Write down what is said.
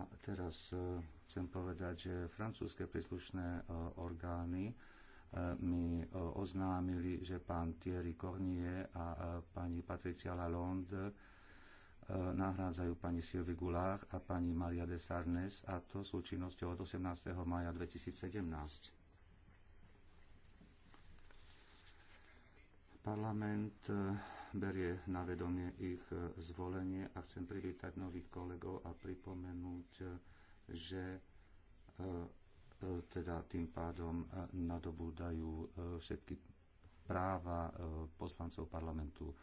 A teraz e, chcem povedať, že francúzske príslušné e, orgány e, mi oznámili, že pán Thierry Cornier a pani Patricia Lalonde nahrádzajú pani Sylvie Goulard a pani Maria de Sarnes a to sú činnosťou od 18. maja 2017. Parlament berie na vedomie ich e, zvolenie a chcem privítať nových kolegov a pripomenúť, e, že e, teda tým pádom nadobúdajú všetky práva poslancov parlamentu